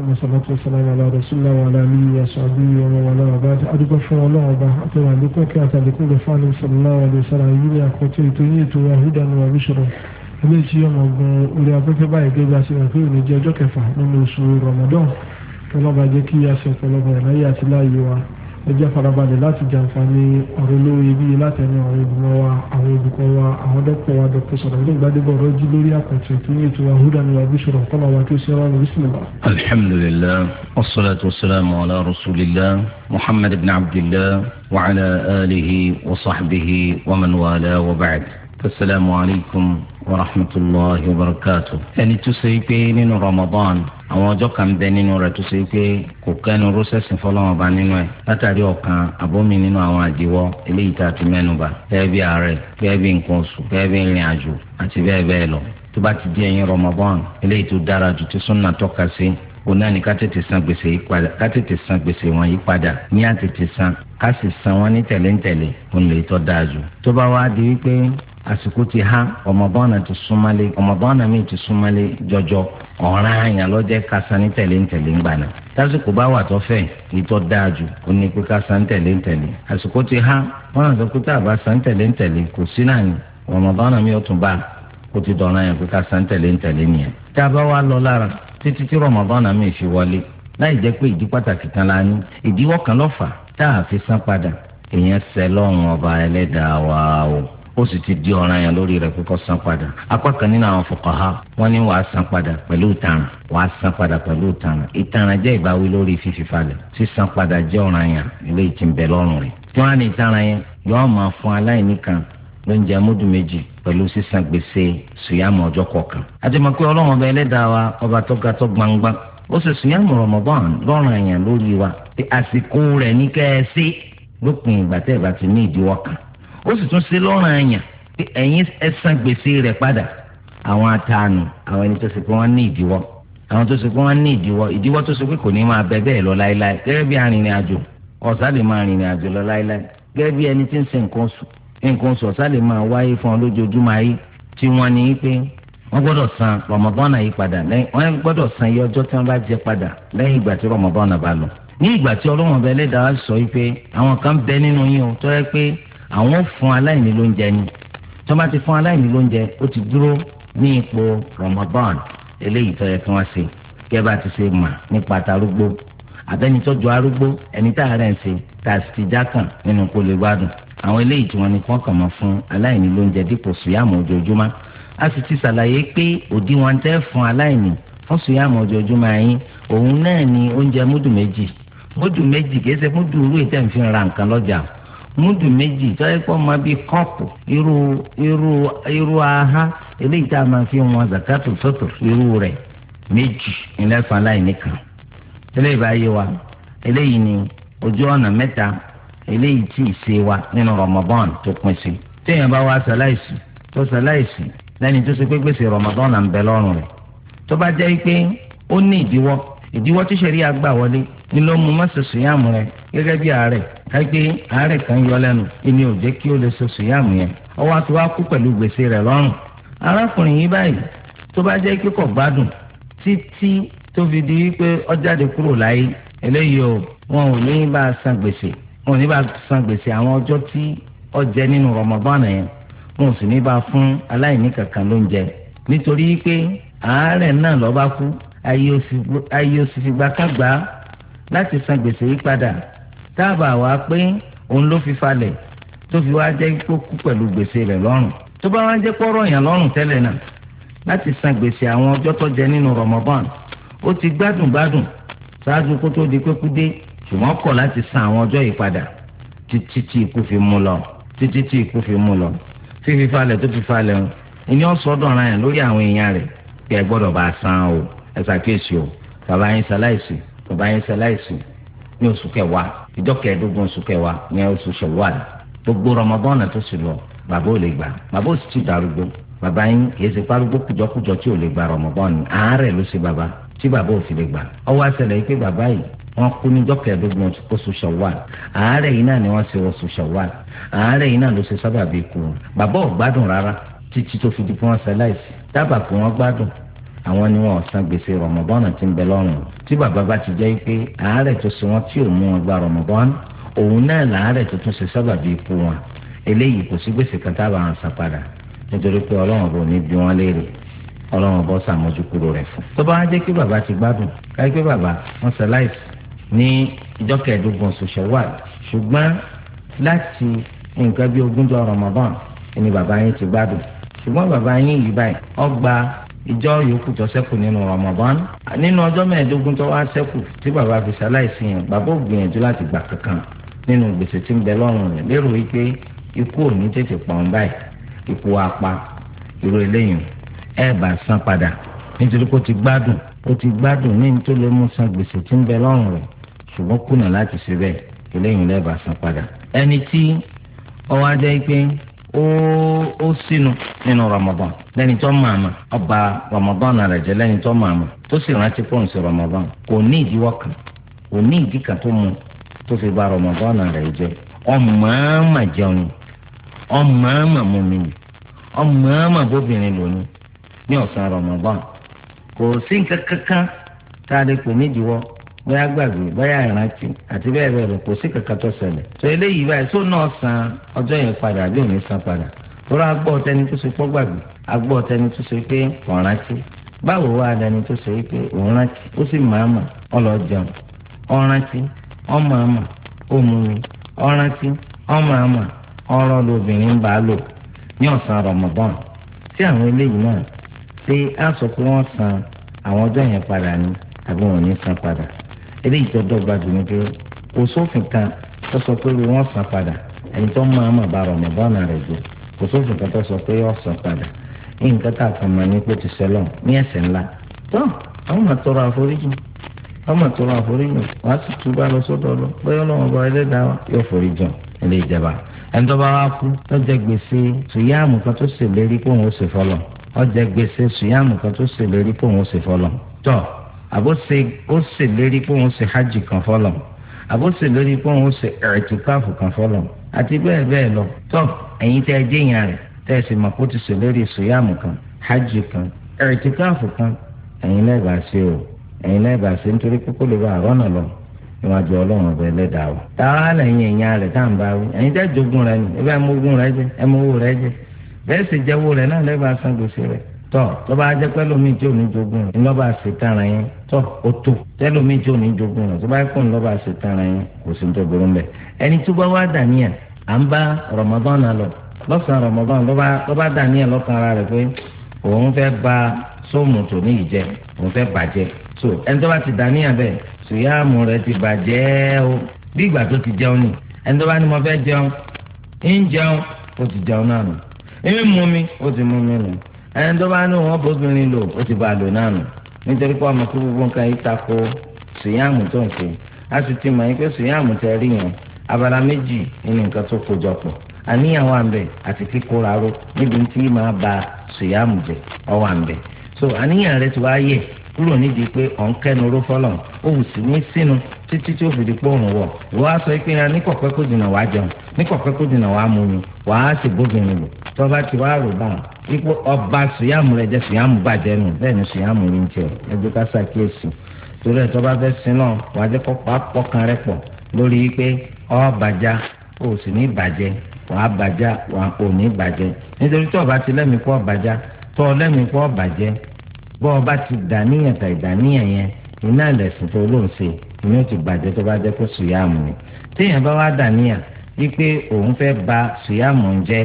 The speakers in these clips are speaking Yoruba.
ọmọ sọlọtọ sọlọmọ aláàdọ sílẹ wà láàmì ìyàsọ àbúrò ọmọ wà láwà bá adúgbò fún Ọlọ́run ọba àtẹwà àlékún kí àtàlékún lè fún àwọn sọlọmọ àlè sára yìí àkọtẹ ètò yìí ètò àhúdà ní wàá bíṣọrọ ilé tí ọmọ ogun orí afẹ́fẹ́ báyìí gẹ́gẹ́ àti ìrìnkú ìrìn jẹ́ ọjọ́ kẹfà nínú oṣù Ramadan ọlọ́ba jẹ́ kí a ṣe ọ̀pọ̀lọpọ̀ ẹ̀láyé àti láàyè wa ẹ jẹ́ farabalẹ̀ láti jàǹfààní ọ̀rọ̀ lórí ibi láti ẹnu àwọn olùmọ̀ wa àwọn olùkọ́ wa àwọn dọ́pọ̀ wa dọ́pọ̀ sọ̀rọ̀ ní ìgbàdébọ̀ ọ̀rọ̀ jí lórí àkàtì ìpínlẹ̀ ètò àhúdà ni wàá bíṣọ̀rọ̀ kọ́nà wa kí ó ṣe wá lórí sinimá. alhamdulilah wasalaatu wasalaamu ala rasulillah muhammad ibn abdillah wa ala alihi wa sahbihi wa man wala wa ba'd asalaamu wa rahmatulahi wa barakatuh. ẹni tó ṣe nínú ramadan àwọn ọjọ́ kan bẹ nínú rẹ̀ tó ṣe pé kò kẹ́nu rọ́ṣẹ̀sìn fọlọ́wọn bá nínú ẹ̀ látàrí ọ̀kan àbómi nínú àwọn àdìwọ́ eléyìí tá a ti mẹ́nuba bẹ́ẹ̀ bí àárẹ̀ bẹ́ẹ̀ bí nǹkan oṣù bẹ́ẹ̀ bí ìrìn àjò àti bẹ́ẹ̀ bẹ́ẹ̀ lọ tó bá ti di ẹ̀yìn Ramadan eléyìí tó dára jù tí súnà tọ́ka sí òun ni ká tètè san gbèsè wọn yìí padà ní àtètè san ká sì san wọn ní tẹ̀léńtẹ̀lé òun lè tọ́ dáa jù tó bá wá di wípé àsìkò ti há ọmọbọ́nà ti súnmọ́lé ọmọbọ́nà mi ti súnmọ́lé jọjọ ọ̀ràn àyàn lọ́jẹ́ ká sanni tẹ̀lé ntẹ̀lé ń gbaná tásìkò bá wà tó fẹ̀ ìtọ́ dáa jù ó ní pé ká sanni àsìkò ti há wọn àti pé tá a bá kò sí náà ni ọmọbọ́nà mi ò tún bá kó ti dọ̀ràn àyàn pé ká sanni tẹ̀lé ntẹ̀lé nìyẹn tá a bá wà lọ lára títí tí ọmọbọ́nà mi fi wọlé láì jẹ́ pé ìdí pàtàkì kan la ní ìdíwọ́ kan lọ́fà tá a fi san padà èèyàn sẹ́ lọ́rùn ọba ẹlẹ́dàá wa o ó sì ti di ọ̀ràn yẹn lórí rẹ̀ kó san padà apá kan nínú àwọn fuqaha wọ́n ní wàá san padà pẹ̀lú ìtanràn wàá san padà pẹ̀lú ìtanràn ìtanràn jẹ́ ìbáwí lórí fífi falẹ̀ sísan padà jẹ́ ọ̀ràn yẹn ilé ìtì ń bẹ lọ́rùn rẹ̀ tí wọ́n á ní ìtanràn yẹn yọ́ọ́ máa fún aláìní kan lóúnjẹ amúdù méjì pẹ̀lú sísan gbèsè sùyàmù ọjọ́ kọ̀ọ̀kan àjẹmọ́pẹ́ ọlọ́run ọba ẹlẹ́dàá wa ọba tó ga tó gbangba ó sì sùyàmù Ramadan lọ́rùn ó sì tún ṣe lọ́rùn àyàn pé ẹ̀yin ẹ san gbèsè rẹ̀ padà àwọn àtàánù àwọn ẹni tó ṣe pé wọ́n ní ìdíwọ́ àwọn tó ṣe pé wọ́n ní ìdíwọ́ ìdíwọ́ tó ṣe pé kò ní máa bẹ bẹ́ẹ̀ lọ láéláé gẹ́gẹ́ bí arìnrìn àjò ọ̀sá lè máa rìnrìn àjò lọ láéláé gẹ́gẹ́ bí ẹni tí ń ṣe nǹkan oṣù nǹkan oṣù ọ̀sá lè máa wáyé fún ọ lójoojúmọ́ ayé tí wọ́n ní pé wọ́n gbọ́dọ̀ san rọmọbọ́nà yìí padà lẹ́yìn wọ́n gbọ́dọ̀ san iye ọjọ́ tí wọ́n bá jẹ padà lẹ́yìn ìgbà tí rọmọbọ́nà bá lọ ní ìgbà tí ọlọ́wọ́n bẹ lẹ́dàá sọ yìí pé àwọn kan bẹ nínú yín o tọ́ ẹ pé àwọn fún aláìní lóúnjẹ ni tó bá ti fún aláìní lóúnjẹ ó ti dúró ní ipò Ramadan eléyìí tó yẹ kí wọ́n ṣe kí ẹ bá ti ṣe mà nípa tarúgbó àtẹni tó ju arúgbó ẹni tá a rẹ̀ ń ṣe tá a sì ti já kàn nínú kó lè gbádùn àwọn eléyìí tí wọ́n ní kọ́kàn mọ́ fún aláìní lóúnjẹ dípò sùyàmù ojoojúmọ́ a sì ti ṣàlàyé pé òdiwọ̀n tẹ́ fún aláìní fún sùyàmù ojoojúmọ́ yín òun náà ni oúnjẹ múdù méjì múdù méjì kìí ṣe múdù irú ìtẹ̀ǹfin ra nǹkan lọ́jà o múdù méjì tọ́yẹ́ pọ̀ máa bí kọ́ọ̀pù irú aha eléyìí tá a máa fi wọn zakato sọ̀tọ̀ irú rẹ̀ méjì ńlẹ́fà láì nìkan eléyìí bá yé wa eléyìí ni ojú ọ̀nà mẹ́ta eléyìí tí ì ṣe wa nínú Ramadan tó pín sí téèyàn bá wá ṣaláìsì tó ṣaláìsì lẹ́ni tó ṣe pé gbèsè Ramadan à ń bẹ lọ́rùn rẹ̀ tó bá jẹ́ pé ó ní ìdíwọ́ ìdíwọ́ tíṣẹ̀rí gẹ́gẹ́ bí àárẹ̀ káyipé àárẹ̀ kan yọ lẹ́nu ìní ò jẹ́ kí ó lè ṣoṣù yàmù yẹn ọwọ́ àti wá kú pẹ̀lú gbèsè rẹ̀ lọ́rùn. arákùnrin yìí báyìí tó bá jẹ́ kíkọ̀ gbádùn títí tó fi di wípé ó jáde kúrò láyé eléyìí o wọn ò ní bá a san gbèsè wọn ò ní bá a san gbèsè àwọn ọjọ́ tí ó jẹ nínú Ramadan yẹn wọn ò sì ní bá a fún aláìní kankan lóúnjẹ nítorí pé àárẹ̀ náà ló bá kú ayé ó sì fi gbàkágbá láti san gbèsè yí padà táàbà wá pé òun ló fi falẹ̀ tó fi wá jẹ́ kó kú pẹ̀lú gbèsè rẹ̀ lọ́rùn tó bá wá jẹ́ pọ́rọ̀ yàn lọ́rùn tẹ́lẹ̀ náà láti san gbèsè àwọn ọjọ́ tó jẹ nínú Ramadan ó ti gbádùn gbádùn ṣáájú kó tó di pé kú dé ṣùgbọ́n kọ̀ láti san àwọn ọjọ́ yìí padà títí tí ikú fi mú lọ títí tí ikú fi mú lọ fífi falẹ̀ tó fi falẹ̀ o ìní ọ̀sọ́dọ̀ ara yẹn lórí àwọn èèyàn rẹ̀ kí ẹ gbọ́dọ̀ bá a san o ẹ ṣàkíyèsí o bàbá yín ṣaláìsí bàbá yín ṣaláìsí ní oṣù kẹwàá ìjọ kẹẹ̀ẹ́dógún oṣù kẹwàá ní oṣù ṣọwọ́àlì gbogbo rọmọbọ́nà tó sì lọ bàbá ò lè gbà bàbá ò sì ti darúgbó bàbá yín kìí ṣe parúgbó kùjọkùjọ tí ò lè gbà rọmọbọ́nà àárẹ̀ ló ṣe bàbá tí bàbá ò fi lè gbà ọwọ́ àṣẹlẹ̀ yìí pé bàbá yìí wọ́n kú ní jọkẹẹ̀ẹ́dógún oṣù ṣọwọ́àlì àárẹ̀ yìí náà ni wọ́n ṣe oṣù ṣọwọ́àlì àárẹ̀ yìí náà ló ṣe sábàbí ikú bàbá ò gbádùn rárá títí tó àwọn ni wọn ò san gbèsè rọmọbọ́nà tí ń bẹ lọ́rùn tí bàbá bá ti jẹ́ pé àárẹ̀ tó ṣe wọ́n tí ò mú wọn gba rọmọbọ́nà òun náà làárẹ̀ tó tún ṣe sábàbí ikú wọn eléyìí kò sí gbèsè kan tábà ń san padà nítorí pé ọlọ́run bò ní bí wọ́n léèrè ọlọ́run bò sàmójúkúrò rẹ̀ fún. tó bá wá jẹ́ kí bàbá ti gbádùn káyé pé bàbá wọn ṣe láìsí ní ìjọ kẹẹ̀ẹ́dógún oṣù ṣẹ̀wáàl ṣùgbọ́n láti nǹkan bí ogúnjọ́ rọmọbọ́n ni bàbá yín ti gbádùn ṣùgbọ́n bàbá yín yìí báyìí ó ìjọ yòókù tó ṣẹ́kù nínú Ramadan nínú ọjọ́ mẹ́ẹ̀ẹ́dógún tó wá ṣẹ́kù tí bàbá fi ṣaláìsí yẹn bàbá ò gbìyànjú láti gbà kankan nínú gbèsè tí ń bẹ lọ́rùn rẹ̀ lérò wípé ikú ò ní tètè pọ̀n báyìí ikú wa pa irú eléyìí ẹ bá san padà nítorí kó ti gbádùn kó ti gbádùn ní ní tó lè mú san gbèsè tí ń bẹ lọ́rùn rẹ̀ ṣùgbọ́n kùnà láti ṣe bẹ́ẹ̀ eléyìí lẹ́ẹ̀ bá san padà ẹni tí ọwọ́ ajẹ́ pé ó sínú nínú Ramadan lẹ́ni tó máa ma ọba Ramadan rẹ̀ jẹ́ lẹ́ni tó máa ma tó sì rántí pọ́ǹsì Ramadan kò ní ìdíwọ́ kan kò ní ìdí kan tó mu tó fi ba Ramadan rẹ̀ jẹ́ ọmọọmọ jẹun ni ọmọọmọ mumi ni ọmọọmọ bóbìnrin lónìí ní ọ̀sán Ramadan kò sí nǹkan kankan tá a lè pè ní ìdíwọ́ bóyá gbàgbé bóyá ìrántí àti bẹ́ẹ̀ bẹ́ẹ̀ lọ kò sí kankan tó ṣẹlẹ̀ tó eléyìí báyìí tó náà san ọjọ́ yẹn padà àbí òní san padà tó rà gbọ́ tẹni tó ṣe pọ́ gbàgbé agbọ́ tẹni tó ṣe pé ọ̀rántí báwo wá dání tó ṣe pé ọ̀rántí ó sì màmá ọlọ́jọun ọ̀rántí ọ̀màmà òmùmí ọ̀rántí ọ̀màmà ọ̀rọ̀ lobìnrin ń bá lò ní ọ̀sán Ramadan tí àwọn eléyìí náà ṣe á sọ pé wọ́n san àwọn ọjọ́ yẹn padà ni àbí wọn ò ní eléyìí tó dọ́gba dùnú dúró kò sófin kan tó sọ pé wọ́n san padà ẹni tó máa ma bá rọmọbọ́nà rẹ̀ gbé kò sófin kan tó sọ pé wọ́n san padà ní nǹkan tá a kàn máa ní pé ti sẹ́lọ̀ ní ẹ̀ṣẹ̀ ńlá tó àwọn máa tọrọ àforíjì wọ́n máa tọrọ àforíjì wọ́n á sì túbà lọ sọ́dọ̀ lọ bóyá ọlọ́wọ́n bá ẹlẹ́dàá wa yóò foríjì ilé ìjọba ẹni tó bá wá kú lọ́jọ́ gbèsè sùyàmù kan tó ṣèlérí pé òun ó ṣe fọlọ́ ọjọ́ gbèsè sùyàmù kan tó ṣèlérí pé òun ó ṣe fọlọ́ tó àbó ṣe ó ṣèlérí pé òun ṣe hajj kan fọlọ àbó ṣèlérí pé òun ṣe ẹ̀ẹ́dùkáfù kan fọlọ àti bẹ́ẹ̀ bẹ́ẹ̀ lọ tó ẹ̀yin tẹ́ ẹ jẹ́ ìyàn rẹ̀ tẹ́ ẹ sì mọ̀ kó ti ṣèlérí sùyàmù kan hajj kan ẹ̀ẹ́dùkáfù kan ẹ̀yin lẹ́ẹ̀bà ṣe o ẹ̀yin lẹ́ẹ̀bà ṣe nítorí pé kó lè bá àrọ́nà lọ níwájú ọlọ́run ọbẹ̀ ẹlẹ́dàá o. táwa lẹ́yìn ẹ̀yìn rẹ̀ tá à ń bá wí ẹ̀yin tẹ́ jogun rẹ̀ ni ẹ bá mú ogun rẹ̀ jẹ ẹ owó rẹ̀ jẹ bẹ́ẹ̀ sì jẹ́wó rẹ̀ náà lẹ́ẹ̀bà san gbèsè rẹ̀ tọ lọba ajẹ pé lómi tí ò ní jogún ní lọba ṣètara yẹn tọ o tó tẹ lómi tí ò ní jogún rẹ tó bá kún lọba ṣètara yẹn kò sí tó burú mbẹ ẹni tó bá wá dàníyà à ń bá Ramadan lọ lọ́sàn-án Ramadan lọba dàníyà lọ́kàn ara rẹ pé òun fẹ́ ba sóòmù tó ní ìjẹ òun fẹ́ bàjẹ́ so ẹni tó bá ti dàníyà bẹ́ẹ̀ sùyàmù rẹ ti bàjẹ́ o bí ìgbà tó ti jẹun ni ẹni tó bá ní mo fẹ́ jẹun ń jẹun ó ti jẹun náà nù èmi mú ti mú mi ẹni tó bá ní wọn bóbìnrin lò ó ti bá a lò náà nù nítorí pé ọmọ kó gbogbo nǹkan yìí tako tó ń a sì ti ma yín pé sùyàmù tẹ rí yẹn abala méjì nínú nǹkan tó kojọ pọ̀ àníyàn wà ń bẹ àti kíkóra ró níbi tí máa ba sùyàmù jẹ so àníyàn rẹ ti wá yẹ kúrò nídìí pé ọ̀n kẹ́nu ró fọlọ̀ ó wù sí ní sínú títí tí ó fi di pòrùn wọ̀ á sọ pé ní tọ́ba ti wá rò bá ipò ọba síyàmù rẹ̀ jẹ́ síyàmù bàjẹ́ nù bẹ́ẹ̀ ni síyàmù rí ń tiẹ̀ ẹgbẹ́ ká ṣàkíyèsí torí ẹ̀ tọ́ba fẹ́ sin náà wàá jẹ́ kó pàápọ̀ kan rẹ̀ pọ̀ lórí pé ọ bàjá o sì ní bàjẹ́ wàá bàjá wàá ò ní bàjẹ́ nítorí tọ́ba ti lẹ́mìí pọ̀ bàjá tọ́ lẹ́mìí pọ̀ bàjẹ́ bọ́ ọba ti dàníyàn tà ìdàníyàn yẹn iná ẹ̀lẹ́sìn tó lóun ṣe ìyẹn ti bàjẹ́ tó bá jẹ́ kó síyàmù ni téèyàn bá wá dàníyàn wípé òun fẹ́ ba síyàmù ń jẹ́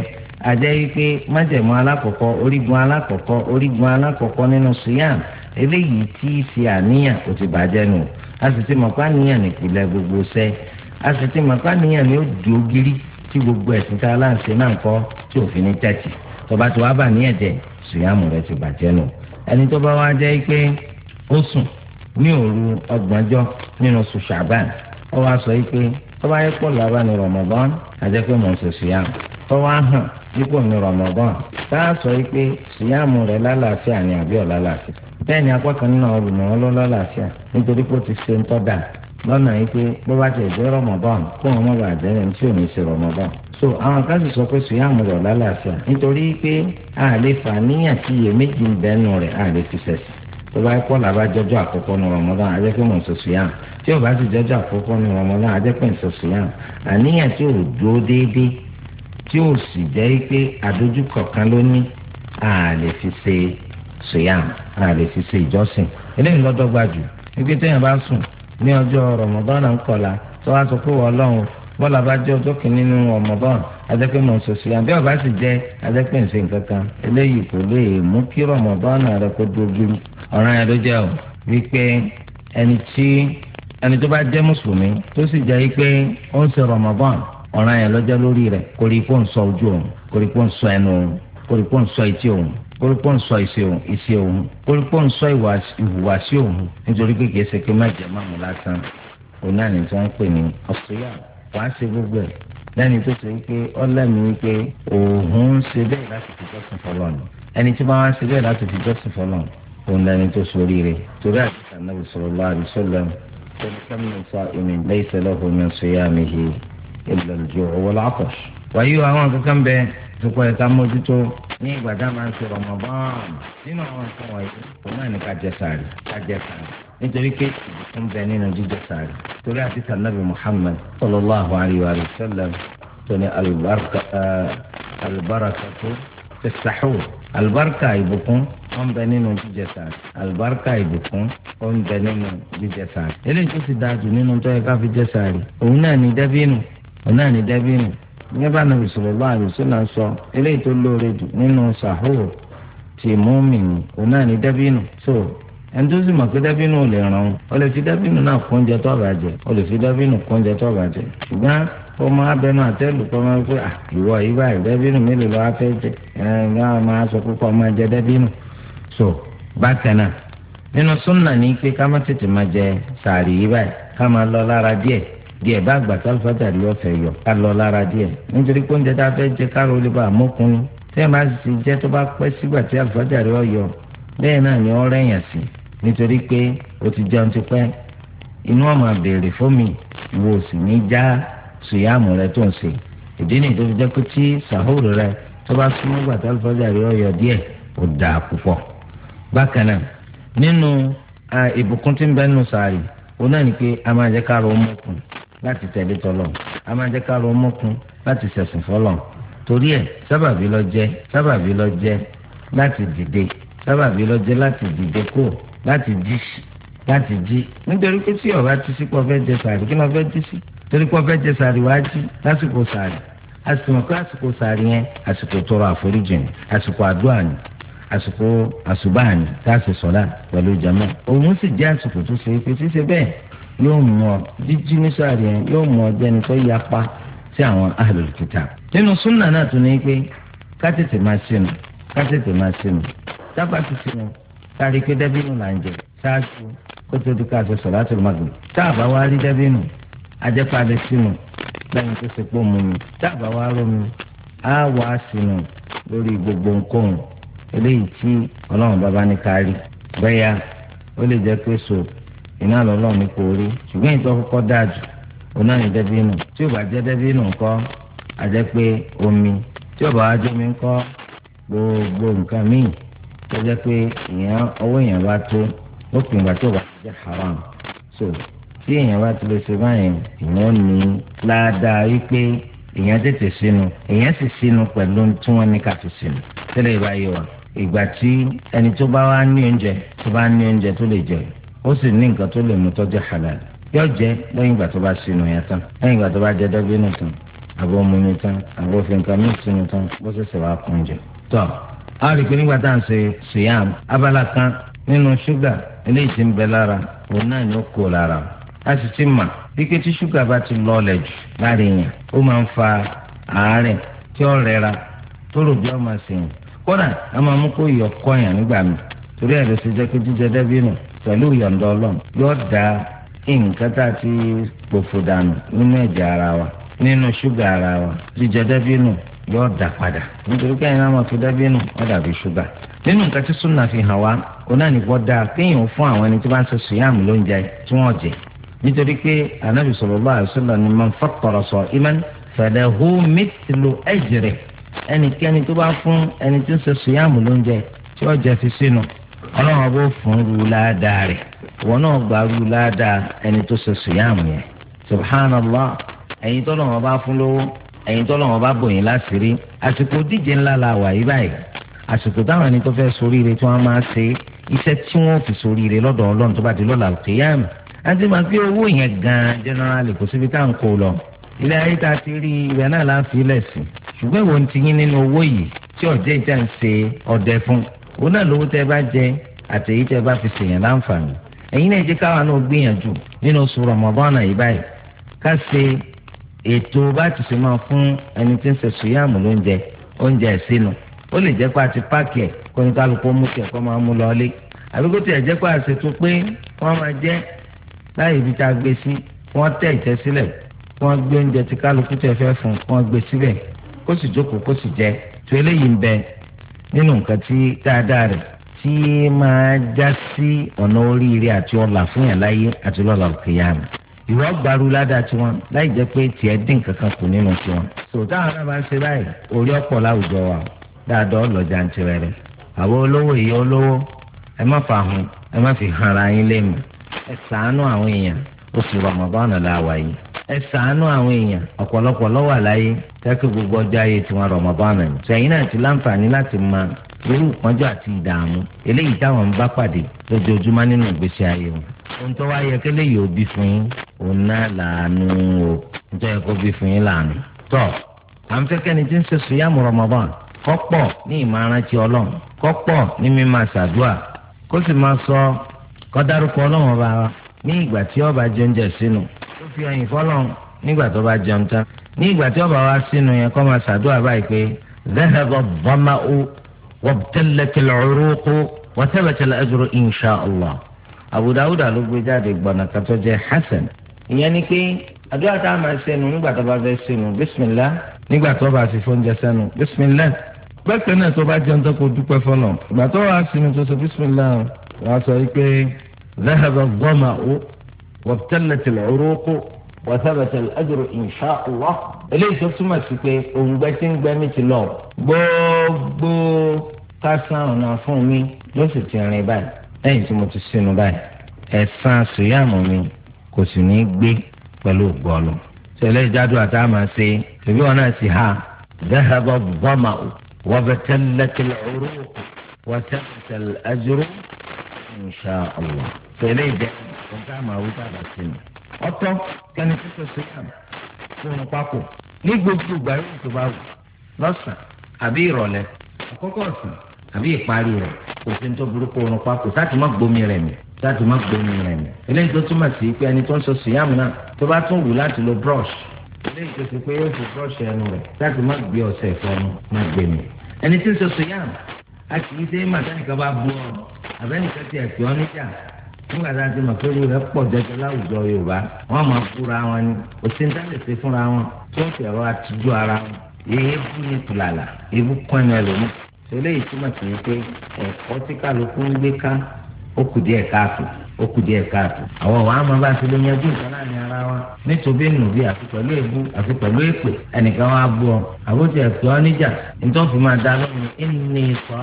àjẹ́ wípé májẹ̀mú alákọ̀ọ́kọ́ orígun alákọ̀ọ́kọ́ orígun alákọ̀ọ́kọ́ nínú siyam eléyìí tí í ṣe àníyàn kò ti bàjẹ́ nù a sì ti mọ̀pá níyàn nípìnlẹ̀ gbogbo sẹ́ a sì ti mọ̀pá níyàn ní ògiri tí gbogbo ẹ̀sìn tá a láǹṣe náà kọ́ tí òfin ní tó wá bà ní ẹ̀jẹ̀ ti bàjẹ́ nù ẹni tó bá wá jẹ́ sọ pé yẹ pọ̀ ní mọ̀ ṣe dípò ní Ramadan tá a sọ yìí pé síyáàmù rẹ̀ lálàáfíà ni àbí ọ̀ lálàáfíà bẹ́ẹ̀ ni apá kan nínú olùmọ̀ọ́ ló lálàáfíà nítorí pé ó ti ṣe ń tọ́ da lọ́nà yìí pé bó bá ti jẹ́ Ramadan kó wọn má bàa jẹ́ ẹni tí ò ní ṣe Ramadan so àwọn kan sì sọ pé síyáàmù rẹ̀ lálàáfíà nítorí pé àlefa níyàn tí iyèméjì ń bẹ́nu rẹ̀ àlefi sẹ̀sì tó bá kọ́ làbá jọjọ́ àkọ́kọ́ ní Ramadan ajẹ́ pé mò ń sọ̀sọ̀ yàn tí ò bá sì jọjọ́ àkọ́kọ́ ní Ramadan ajẹ́ pé ń sọ̀sọ̀ yàn àníyàn tí ò dúró déédéé tí ó sì jẹ́ pé àdójúkọ kan ló ní a lè fi ṣe ṣèyàn a lè fi ṣe ìjọsìn eléyìí lọ́dọ̀ gbajù wípé téèyàn bá sùn ní ọjọ́ rọmọbọ́n ń kọ̀la tó wá sọ pé wọ́n lọ́hùn bọ́lá bá jẹ́ ọjọ́ kìíní nínú rọmọbọ́n adẹ́pẹ́ mọ̀ ṣoṣo yàn bí ọba sì jẹ́ adẹ́pẹ́ ń ṣe nǹkan kan eléyìí kò lè mú kí rọmọbọ́n rẹ kó dógiri ọ̀ràn yẹn ló jẹ́ o wípé ẹni tí ẹni tó bá jẹ́ mùsùlùmí tó sì jẹ́ pé ó ń ṣe rọmọbọ́n ọ̀ràn yẹn lọ́jọ́ lórí rẹ̀ kórìí kó ń sọ ojú òun kórìí kó ń sọ ẹnu òun kórìí kó ń sọ etí òun kórópọ̀ ń sọ ìṣe òun ìṣe òun kórópọ̀ ń sọ ìhùwàsí òun nítorí pé kìí ṣe pé má jẹ máàmù lásán òun náà ní tí wọ́n ń pè ní ọ̀ṣọ́yà wàá ṣe gbogbo ẹ̀ lẹ́ni tó ṣe wípé ọlẹ́mi wípé òun ń ṣe bẹ́ẹ̀ láti fi jọ́sìn fọlọ́ ni ẹni tí wọ́n ṣe bẹ́ẹ̀ láti fi jọ́sìn fọlọ́ òun lẹ́ni tó ṣoríire torí àti sànàbì sallallahu alaihi wasallam illa al-ju' wal-'atash. wàyí o àwọn kankan bẹ tukọ̀ ẹ̀ka mójútó ní ìgbà tá a máa ń ṣe Ramadan nínú àwọn nǹkan wọ̀nyí òun náà ní ká jẹ sààrì ká jẹ sààrì nítorí pé ìbùkún bẹ nínú jíjẹ sààrì torí àti sànàbì Muhammad sallallahu alayhi wa sallam tó ní alibaraka tó ti sàhùr alibarika ìbùkún ó ń bẹ nínú jíjẹ sààrì alibarika ìbùkún ó ń bẹ nínú jíjẹ sààrì eléyìí tó ti dáa jù nínú tó yẹ ká fi jẹ sààrì òun náà ní dàbínù ọ̀nà ní ndị nígbà náà sallallahu alaihi na sọ eléyìí tó lóore jù nínú sàhóò tí mùmínì ọ̀nà ní dẹ́bìnì tó ẹni tó sì mọ̀ pé dẹ́bìnì ò lè ràn o lè fi dẹ́bìnì náà kó oúnjẹ tó jẹ o fi dẹ́bìnì kó tó bá jẹ ṣùgbọ́n ó máa àtẹ́lù kọ́ máa pé ìwọ yìí dẹ́bìnì so nínú súnà ní pé ká má tètè jẹ sàárì yìí báyìí ká lọ díẹ̀ bá àgbà sálfàjà rí ọ̀fẹ́ yọ ká lọ lára díẹ̀ nítorí pé oúnjẹ tá a fẹ́ jẹ káàró lè bá àmọ́kùnrin tẹ́ ẹ máa ṣe jẹ́ tó bá pẹ́ sígbà tí àlùfáàjà rí ọ̀yọ́ bẹ́ẹ̀ náà ni ó rẹ̀yàn sí nítorí pé o ti jẹun ti pẹ́ inú ọ̀mà béèrè fún mi wo sì ní já sùyàmù rẹ tó ń ṣe ìdí nìyí tó fi jẹ́ pé tí sàhóòrò rẹ tó bá súnmọ́ gbà tí àlùfáàjà rí ọ̀yọ́ díẹ̀ ó dáa púpọ̀ bákan náà nínú ìbùkún tí ń bẹ́ẹ̀ nù sàárì ó náà ní pé a máa jẹ́ káàró mọ́kùnrin láti tẹ̀lé tọlọ a máa jẹ́ ká rọ mọ́kun láti sẹ̀sìn fọlọ torí ẹ̀ sábàbí ló jẹ́ sábàbí ló jẹ́ láti dìde sábàbí ló jẹ́ láti dìde kó láti jí láti jí nítorí pé tí ọba ti sí pọ́ fẹ́ jẹ sàrí kí ló fẹ́ jí sí torí pọ́ fẹ́ jẹ sàrí wá jí lásìkò sàrí àsìkò kí àsìkò sàrí yẹn àsìkò tọrọ àforíjì ni àsìkò àdúrà ni àsìkò àsùbáà ni tá a sì sọ̀lá pẹ̀lú jama òun sì jẹ́ àsìkò tó ṣe é pé ṣíṣe bẹ́ẹ̀ yóò mú ọ jíjí ní sàárì yẹn yóò mú ọ jẹni tó yapa sí àwọn ahlul kitab. nínú súnà náà tún ní pé ká tètè máa sínú ká tètè máa sínú tábà ti sínú kárí pé dẹ́bínú là ń jẹ ṣáájú kó tó di ká ṣe sọ̀láṣọ̀ magrib táàbà wá rí dẹ́bínú ajẹ́pàdé sínú lẹ́yìn tó ṣe pọ̀ mú mi táàbà wá rómi á wà á sínú lórí gbogbo nǹkan eléyìí tí ọlọ́run bàbá ní kárí bẹ́yà ó lè jẹ́ pé sòrò iná lọ́lọ́run ní kò rí ṣùgbọ́n ìtọ́ kọ́kọ́ dáa jù oná ní dẹ́bínú tí ò bá jẹ́ dẹ́bínú ńkọ́ a omi tí ò bá wá jẹ́ omi ńkọ́ gbogbo nǹkan míì tó jẹ́ pé èèyàn ọwọ́ èèyàn bá tó lópin ìgbà tí ò bá jẹ́ haram so tí èèyàn bá ti lè ṣe báyìí èèyàn ní ládàá wípé èèyàn tètè sínú èèyàn sì sínú pẹ̀lú tí wọ́n ní ká fi sínú tẹ́lẹ̀ ìbáyé wa ìgbà tí ẹni tó bá wá ní oúnjẹ tó bá ní oúnjẹ tó lè jẹ ó sì ní nǹkan tó lè mú tó halal yóò jẹ lẹ́yìn ìgbà tó bá sínú yẹn tán lẹ́yìn ìgbà tó bá jẹ dàbínù tán àbọ̀ ọmọ mi tán àbọ̀ nǹkan tán bó a rí i pé nígbà tá à ń ṣe ṣìyàm abala kan nínú ṣúgà eléyìí ti ń bẹ lára òun náà ni ó kó lára a sì ti mà wípé tí ṣúgà ti lọlẹ̀ jù láàrin yẹn ó máa ń fa a máa mú kó ìyọkọ yàn nígbà mi torí ẹ̀ jẹ́ jíjẹ pẹ̀lú ìyọ̀ǹda ọlọ́run yóò da nǹkan tá a ti pòfò dànù nínú ẹ̀jẹ̀ ara wa nínú ṣúgà ara wa jíjẹ dẹ́bínú yóò dà padà nítorí pé ẹ̀yin máa fi dẹ́bínú ó dàbí ṣúgà nínú nǹkan tí súnà fi hàn wá onáníkọ́ dáa kéèyàn fún àwọn ẹni tí wọ́n ń ṣe sùyàmù lóúnjẹ tí wọ́n jẹ nítorí pé anabi sallallahu alaihi wasallam ni man fattara sa'iman falahu mithlu ajrihi ẹnikẹ́ni tó bá fún ẹni tí ń ṣe sùyàmù lóúnjẹ tí ó jẹ fi sínú ọlọ́run bó fún ru ládàá rẹ̀ wọn náà gba ru ládàá ẹni tó ṣe sùyàmù yẹn subhanallah ẹ̀yin tó lọ́wọ́ bá fún lówó ẹ̀yin tó lọ́wọ́ bá bòyìn láṣìírí àsìkò díje ńlá la wà yí báyìí àsìkò táwọn ẹni tó fẹ́ soríire tí wọ́n máa ṣe iṣẹ́ tí wọ́n fi soríire lọ́dọ̀ ọlọ́run tó bá di lọ́la kéyàmù àti máa fi owó yẹn gan-an generally kò síbi tá à ń kó lọ ilé ayé tá ti rí ibẹ̀ náà láǹfilẹ̀ sí ṣùgbọ́n ìwọ̀n ti yín nínú owó yìí tí ọ̀jẹ̀ ìjà ń ṣe ọdẹ fún òun náà lówó tẹ́ bá jẹ àtẹ̀yí tẹ́ bá fi ṣèyàn láǹfààní ẹ̀yin náà jẹ́ káwa náà gbìyànjú nínú oṣù Ramadan yìí báyìí ká ṣe ètò bá ti ṣe máa fún ẹni tí ń ṣe sùyàmù lóúnjẹ oúnjẹ ìsinu ó lè jẹ́ pé a ti páàkì ẹ̀ kó ní kálukú mú kí ẹ̀kọ́ máa mú lọlé àbí kó tiẹ̀ jẹ́ pé a ṣètò pé wọ́n máa jẹ́ láyé ibi tá a gbé sí wọ́n tẹ̀ ìtẹ́ sílẹ̀ wọ́n gbé oúnjẹ tí kálukú tẹ̀ fẹ́ fún wọ́n gbé síbẹ̀ kó sì jókòó kó sì jẹ tó eléyìí ń bẹ nínú nǹkan tí dáadáa rẹ̀ tí máa já sí ọ̀nà oríire àti ọlà fún yàn láyé àti lọ́la kìyàmù ìwọ gbaru ládàá tiwọn láì jẹ́ pé tiẹ̀ dín kankan kù nínú tiwọn. sòtá àwọn náà bá ń ṣe báyìí orí ọ̀pọ̀ láwùjọ wa dáadọ́ lọ́jà ń tirẹ̀ rẹ̀ àwọn olówó ìyá olówó ẹ má fà hùn ẹ má fi hàn ara yín léèmù ẹ ṣàánú àwọn èèyàn oṣù Ramadan la wà yìí ẹ sàánú àwọn èèyàn ọ̀pọ̀lọpọ̀ lọ́wọ́ àlàyé tẹ́kí gbogbo ọjọ́ ayé tiwọn Ramadan ni. sẹ́yìn náà ti láǹfààní láti máa lórí ìpọ́njọ́ àti ìdààmú eléyìí táwọn ń bá pàdé lójoojúmọ́ nínú ìgbésí ayé wọn. ohun tó wá yẹ kélé yìí ó bí fún yín òun náà làánú o ohun tó yẹ kó bí fún yín làánú. tọ́ à ń fẹ́ kẹ́ni tí ń ṣe sùyàmù Ramadan kọ́pọ̀ fi ẹ̀yìn fọ́lọ́run nígbà tó bá jẹun tán ní ìgbà tí ọba wa sínú yẹn kọ́ máa ṣàdúrà báyìí pé zahaba dhama'u wabtallatil uruqu wa thabatal ajru insha allah Abu Dawud ló gbé jáde gbọ̀nà kan tó jẹ́ hasan ìyẹn ni pé àdúrà tá a máa sẹ́nu nígbà tó bá fẹ́ sẹ́nu nígbà tó bá fi fóúnjẹ sẹ́nu bísímìlá bẹ́ẹ̀ وابتنت العروق وثبت الأجر إن شاء الله eléyìí tó túmọ̀ sí pé òǹgbẹ tí ń gbẹ mí ti lọ gbogbo kásán ọ̀nà fún mi ló sì ti rìn báyìí lẹ́yìn tí mo ti sínú báyìí ẹ̀san sùyàmù mi kò sì ní gbé pẹ̀lú gbọ́lù tẹ̀lé ìjádùn àtà máa ṣe tèmi wọn náà sì ha ذهب الظمأ وابتلت العروق وثبت الأجر insha allah tẹ̀lé ìjẹ́ ọ̀gá àmàwí bàbá sí mi ọ̀tọ̀ kẹ́ni tó tó ṣe yàm fún pákó ní gbogbo ìgbà yóò tó bá wù lọ́sàn àbí ìrọ̀lẹ́ àkọ́kọ́ ọ̀sán àbí ìparí rẹ̀ òfin tó burúkú orun pákó láti má gbomi rẹ̀ mi láti má gbomi rẹ̀ mi eléyìí tó túmọ̀ sí pé ẹni tó ń sọ síyàm náà tó bá tún wù láti lo brush eléyìí tó ti pé yóò fi brush ẹnu rẹ̀ láti má gbé ọ̀sẹ̀ ìfọnu má gbé mi ẹni tí ń sọ síyàm a kì í dé bá bú ọ̀rọ̀ àbẹ́nìkan ti ẹ̀pẹ́ ọ́ níjà nígbà tá a ti mọ̀ pé ewu rẹ̀ pọ̀ jẹjẹ láwùjọ yorùbá wọ́n máa fúra wọn ni òsèǹtà lè ṣe fúnra wọn tí ó fi ẹ̀rọ àtijú ara wọn èébú ní tùlàlà èébú kọ́ni ẹlòmí tẹ́lẹ̀ ìtumọ̀ sí pé ẹ̀kọ́ tí kálukú ń gbé ká ó kù díẹ̀ káàtó ó kù díẹ̀ káàtó àwọn ọ̀wá àmọ́ bá ti lè yanjú ìkan láàrin ara wa nítorí nù bí àti pẹ̀lú èébú àti pẹ̀lú èpè ẹnìkan wá bú ọ àbótí ẹ̀pẹ́ ọ níjà nítorí fi máa dá lóhùn ẹni sọ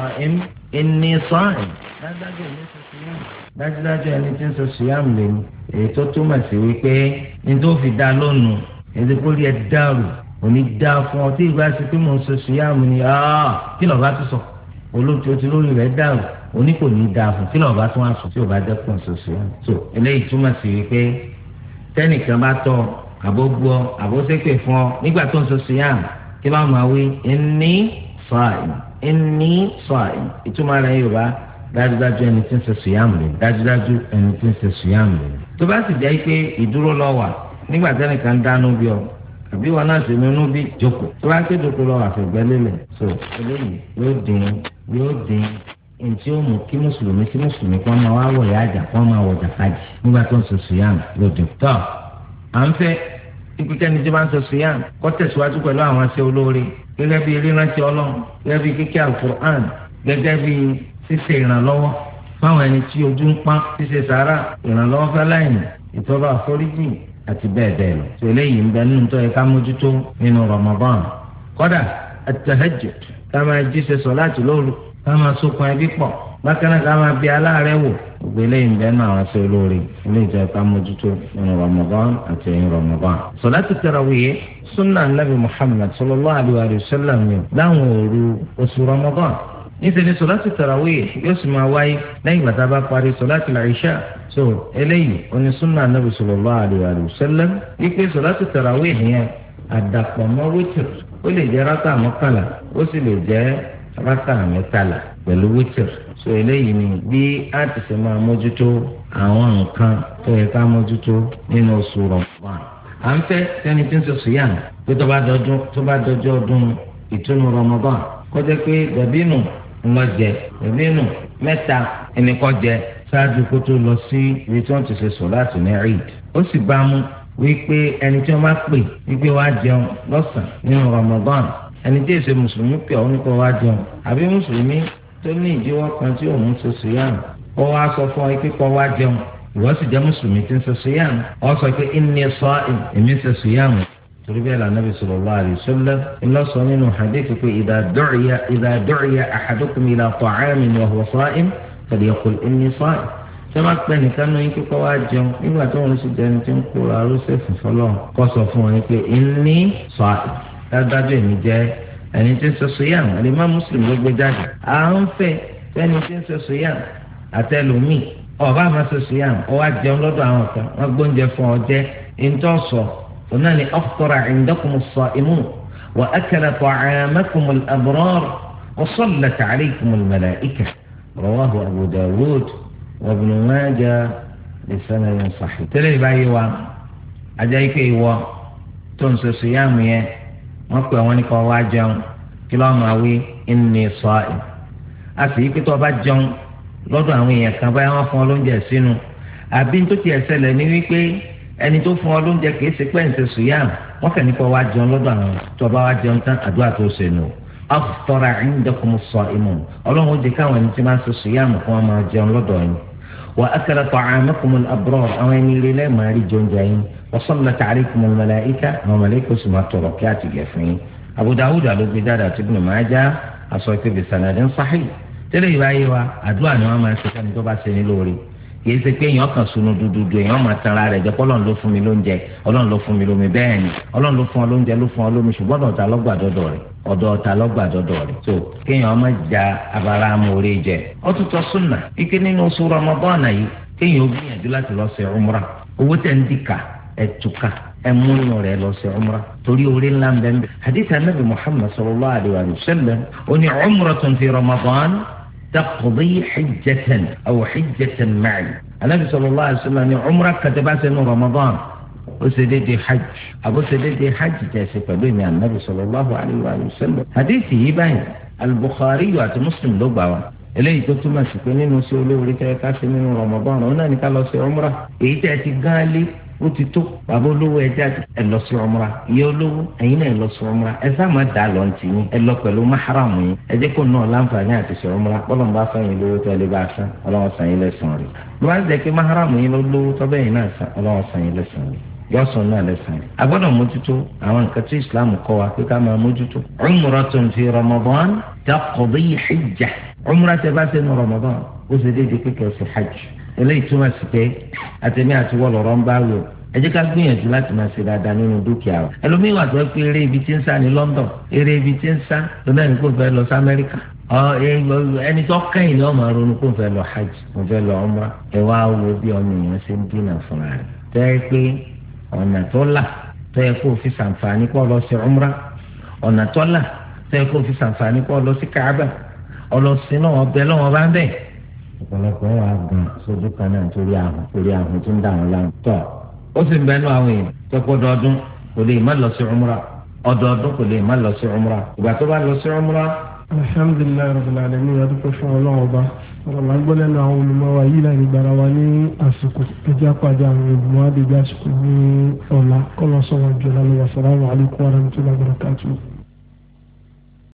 ẹni sọ ẹ̀ dájúdájú ẹni tó ti yá dájúdájú ẹni tí ń sọ síyáàmù lèmi èyí tó túmọ̀ sí wípé nítorí fi dá lónù èdè kórìí ẹ dàrú òní dá fún ọ tí ìgbà sí pé mò ń sọ síyáàmù ni kí lọ́ọ́ bá tó oní kò ní dáa fún tí lọ́ọ̀bá tún wá sùn tí ò bá dẹ́kun ṣoṣo so eléyìí túmọ̀ sí wípé tẹ́nìkan bá tọ̀ àbó gbọ́ àbó ṣépè fún ọ nígbà tó ń ṣoṣo yá kí bá máa wí ẹni sọ̀àì ẹni sọ̀àì ìtumọ̀ rẹ̀ yorùbá dájúdájú ẹni tí ń ṣoṣo yá mi dájúdájú ẹni tí ń ṣoṣo yá mi. tó bá sì jẹ́ pé ìdúró lọ wà nígbà tẹ́nìkan dánú bí ọ àbí wọn náà sèmi inú bí jókòó tó bá ń ké lọ àfẹ̀gbẹ́ lélẹ̀ so eléyìí yóò dín yóò dín Nti ó mú kí mùsùlùmí kí mùsùlùmí kọ́ máa ya àjà kọ́ máa wọ̀ jàkadì nígbà tó ń sọ lòdì. tọ́ à ń fẹ́ ikú kẹ́ni tí bá sọ kọ́ tẹ̀síwájú pẹ̀lú àwọn aṣẹ olóore gẹ́gẹ́ ọlọ́run gẹ́gẹ́ kíkẹ́ gẹ́gẹ́ ṣíṣe ìrànlọ́wọ́ fáwọn ẹni tí ojú ń ṣíṣe sàárà ìrànlọ́wọ́ ká máa sokun ẹbí pọ̀ bákan náà ká máa bí aláàárẹ̀ wò gbogbo eléyìí bẹ́ẹ̀ náà wá sí olórí ilé ìjọ ẹ̀ka mójútó nínú Ramadan àti ẹ̀yìn Ramadan. sọ̀láti tarawih sunna nabi Muhammad sallallahu alayhi wa sallam yìí láwọn òru oṣù Ramadan níṣẹ́ ni sọ̀láti tarawih yóò sì máa wáyé lẹ́yìn bàtà bá parí sọ̀láti làìṣà so eléyìí oní sunna nabi sallallahu alayhi wa sallam wípé sọ̀láti tarawih yẹn àdàpọ̀ mọ́ rútù ó lè jẹ́ rákà mọ́kànlá ó sì lè jẹ́ rákà mẹ́tàlá pẹ̀lú wítìr so eléyìí ni bí a ti ṣe máa mójútó àwọn nǹkan tó yẹ ká mójútó nínú oṣù Ramadan à ń fẹ́ sẹ́ni tí ń sọ sùyàn pé tó bá dọjọ́ ọdún ìtúnu Ramadan kọjá pé dàbínù ńlọ jẹ dàbínù mẹ́ta ẹnìkan jẹ ṣáájú kó tó lọ sí ibi tí wọ́n ti ṣe sọ láti ní Eid ó sì bá mú wípé ẹni tí wọ́n bá pè wípé wàá jẹun lọ́sàn Ramadan ẹni tí èsè mùsùlùmí pè ọ́ nípa wá jẹun àbí mùsùlùmí tó ní ìdíwọ́ kan tí òun ṣe sùyàn ó wá sọ fún ọ pé kọ́ wá jẹun ìwọ sì jẹ́ mùsùlùmí tí ń ṣe sùyàn ọ sọ pé inni sa'im èmi ṣe sùyàn torí bẹ́ẹ̀ lànàbì sallallahu alaihi wasallam ńlọ́sọ nínú hadith pé idha du'iya idha du'iya ahadukum ila ta'amin wa huwa sa'im falyaqul inni sa'im tẹ bá pẹ nìkan náà yín kíkọ́ wá jẹun nígbà tó wọn sì jẹun tí ń kóra arúgbó ṣèfùfọ́ lọ́wọ́ kọ́ sọ fún wọn pé inni sa'im dájúdájú èmi jẹ́ ẹni tí ń sọ sọ́yà àlèmá mùsùlùmí ló gbé jáde à ń fẹ́ fẹ́ni tí ń sọ sọ́yà àtẹlómi ọba àmà sọ sọ́yà ọwọ́ àjẹun lọ́dọ̀ àwọn kan wọ́n gbóúnjẹ fún ọ jẹ́ ìntọ́ sọ ọ̀nà ni ọ̀fọ̀rọ̀ àìndọ́kùnmù sọ imú wà á kẹlẹ̀ tọ́ àmẹ́kùnmù àbúrọ́rù وصلت عليكم الملائكة رواه أبو داود وابن ماجه لسنة صحيح تلي بايوا أجايك إيوا تنسى صيام يه wọ́n pè wọ́n ní kó wá jẹun kí ló máa wí inni sa'im a sì yí pé tó bá jẹun lọ́dọ̀ àwọn èèyàn kan báyà wọ́n fún ọ lóúnjẹ sínú àbí tó ti ẹ̀sẹ̀ lẹ̀ ní wípé ẹni tó fún ọ lóúnjẹ kìí ṣe pẹ́ǹsì sùyàm wọ́n kàn ní kó wá jẹun lọ́dọ̀ àwọn tó bá wá jẹun tán àdúrà tó ṣe nù aftara indakum as-sa'imun ọlọ́run ó jẹ káwọn ẹni tí máa ń ṣe sùyàm kó wọ́n máa jẹun lọ́dọ̀ yìí وأكل طعامكم الأبرار أو يعني لله ما جنجين وصلت عليكم الملائكة وملائكة اسمها تركات جفين أبو داود على بداية ابن ماجه أصوت بسند صحيح tẹ́lẹ̀ ìbáyé wa àdúrà ni wọ́n máa ṣe fẹ́ni tó bá ṣe ní lóore kìí ṣe pé èèyàn kan sunu dúdúdú èèyàn máa tanra rẹ̀ jẹ́ ọlọ́run ló fún mi lóúnjẹ ọlọ́run ló fún mi lómi bẹ́ẹ̀ ni ọlọ́run ló fún ọ lóúnjẹ ló fún ọ lómi ṣùgbọ́n ọ̀tá lọ́gbàdọ́dọ̀ rẹ̀ ọ̀dọ̀ ọ̀tá lọ́gbàdọ̀dọ̀ rẹ̀ tó kéèyàn ọmọ ìjà abala amóore jẹ ó tún tọ́ súnà ike nínú oṣù rọmọbọ́ọ̀nà yìí kéèyàn ó gbìyànjú láti lọ ṣe umra owó tẹ̀ ń dìkà ẹ̀ túkà ẹ̀ múnú rẹ̀ lọ ṣe umra torí orí ńlá ń bẹ ń bẹ. hadith anabi muhammad sallallahu alayhi wa sallam ó ní umratun fi rọmọbọ́ọ̀nà تقضي حجة أو حجة معي النبي صلى الله عليه وسلم عمرك كتبت رمضان ó ṣe déédéé hajj àbó ṣe déédéé hajj tẹ̀sí pẹ̀lú ìmì ànábì sallallahu alayhi wa sallam. hadith yìí báyìí al-Bukhari yìí àti Muslim ló gbà wá eléyìí tó túmọ̀ sí pé nínú sí olóore tẹ́ ká sí nínú Ramadan òun náà ní ká lọ sí umrah èyí tẹ́ ti gán lé ó ti tó bàbá olówó ẹja ẹ lọ sí umrah ìyá olówó ẹ̀yin náà ẹ lọ sí umrah ẹ sáà dà lọ ntì yín ẹ lọ pẹ̀lú mahram yín ẹ jẹ́ kó náà láǹfààní àti sí umrah bọ́lọ̀n bá fẹ́ yín lówó tó ẹ lè bá san ọlọ́wọ́n san yín lẹ́sàn-án rẹ̀ jọ́sùn náà lẹ́sàn-án a gbọ́dọ̀ mójútó àwọn nǹkan tí islam kọ́ wa pé ká máa mójútó. umratun fi ramadan taqdi hijja umra tẹ bá sẹ́nu ramadan ó sì déédéé pé kẹsì hajj eléyìí túmọ̀ sí pé àtẹ̀mí àti wọ́lọ́rọ́ ń bá wò ẹ jẹ́ ká gbìyànjú láti máa ṣe dáadáa nínú dúkìá wa ẹlòmíín wà tó pé eré ibi tí ń sá ní London eré pé ọ̀nà tó là tó kó fi sàǹfààní pọ̀ lọ sí umra ọ̀nà tó là tó kó fi sàǹfààní pọ̀ lọ sí káàbà ọlọ́sìn náà ọbẹ̀ lọ́wọ́ bá ń bẹ̀. ọ̀pọ̀lọpọ̀ wà gan sójú kan náà torí àhùn torí àhùn tó ń dà wọn láwọn. tọ́ ó sì ń bẹnu àwọn èèyàn tó pọ̀ dọ́dún kò lè má lọ sí umra ọdọọdún kò lè má lọ sí umra ìgbà tó bá lọ sí umra. alhamdulilayi rabbil alamin adúpẹ́ fún ọlọ́run ọba ọ̀rọ̀ máa gbọ́ lẹ́nu àwọn olùmọ̀wá yìí láì gbára wa ní àsìkò ẹjẹ́ àpàdé àwọn olùmọ̀wá dèbí àsìkò ní ọ̀la kọ́lọ́sọ̀rọ̀ jọ̀lá lọ́wọ́ sàlámù alaykum wa rahmatulahi wa barakatuh.